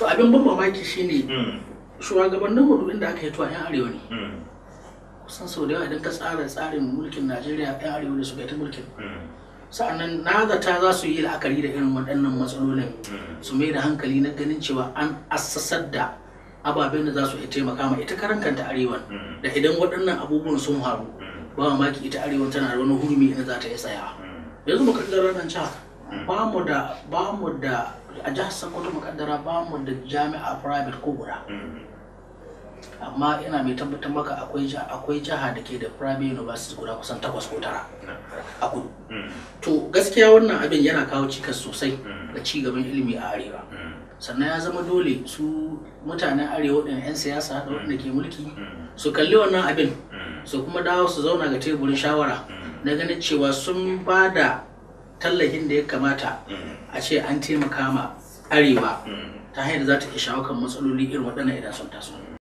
to abin ban mamaki shine hmm. shugabannin mu inda aka yi to a yan arewa ne hmm. kusan sau da yawa idan ka tsara tsarin mulkin najeriya yan arewa ne su ta mulkin hmm. sa'annan na zata za su yi la'akari da irin waɗannan matsalolin su mai da hankali na ganin cewa an assasar da ababen da za su taimaka ma ita karan kanta arewan da idan waɗannan abubuwan sun haru ba mamaki ita arewa tana da wani hurumi inda za ta yi tsaya yanzu mu kaddara nan can? ba mu da ba mu da a jihar sokoto makaddara ba mu da jami'a private ko guda mm-hmm. amma ina mai tabbatar maka akwai akwai jiha da ke da private university guda kusan takwas ko tara mm-hmm. a kudu mm-hmm. to gaskiya wannan abin yana kawo cikas sosai ga ci gaban ilimi a arewa sannan ya zama dole su mutanen arewa ɗin 'yan siyasa da waɗanda ke mulki su kalli wannan abin su kuma dawo su zauna ga teburin shawara na ganin cewa sun ba da tallahin da ya kamata mm. a ce an taimaka ma arewa mm. ta hanyar za ta ke shawo kan matsaloli irin waɗannan idan sun taso